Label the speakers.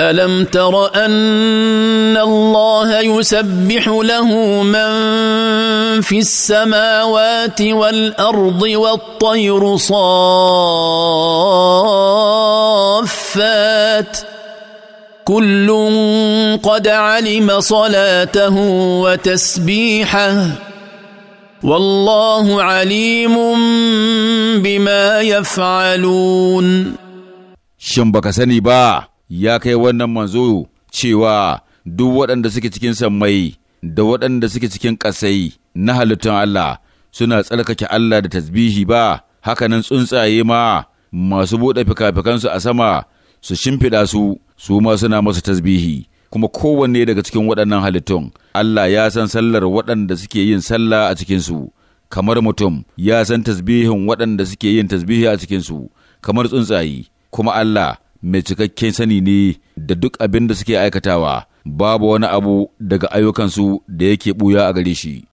Speaker 1: الم تر ان الله يسبح له من في السماوات والارض والطير صافات كل قد علم صلاته وتسبيحه والله عليم
Speaker 2: بما يفعلون شنبك سني با ya
Speaker 3: kai wannan manzo cewa duk waɗanda suke cikin sammai da waɗanda suke cikin ƙasai na halittun Allah suna tsarkake Allah da tasbihi ba, Haka nan tsuntsaye ma masu buɗe fikafikansu a sama su shimfiɗa su, su ma suna masu tasbihi. Kuma kowanne daga cikin waɗannan halittun, Allah ya san sallar waɗanda suke yin sallah a cikinsu, kamar mutum ya san tasbihin waɗanda suke yin tasbihi a cikinsu, kamar tsuntsaye, kuma Allah mai cikakken sani ne da duk abin da suke aikatawa, babu wani abu daga ayyukansu da yake ɓuya a gare shi.